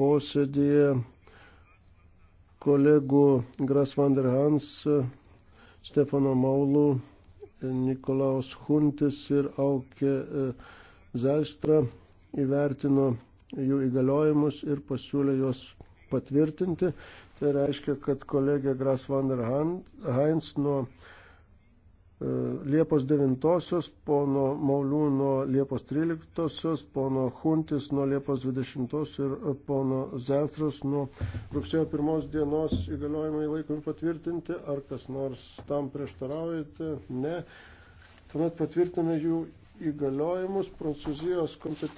posėdėje kolegų Gras van der Hans, Stefano Maulų, Nikolaus Huntis ir Aukė e, Zaistra įvertino jų įgaliojimus ir pasiūlė juos patvirtinti. Tai reiškia, kad kolegė Gras van der Heinz nuo Liepos 9-osios, pono Maulių nuo Liepos 13-osios, pono Huntis nuo Liepos 20-os ir pono Zentras nuo rugsėjo 1 dienos įgaliojimai laikomi patvirtinti. Ar kas nors tam prieštaraujate? Ne. Tuomet patvirtiname jų įgaliojimus. Prancūzijos kompetencijos.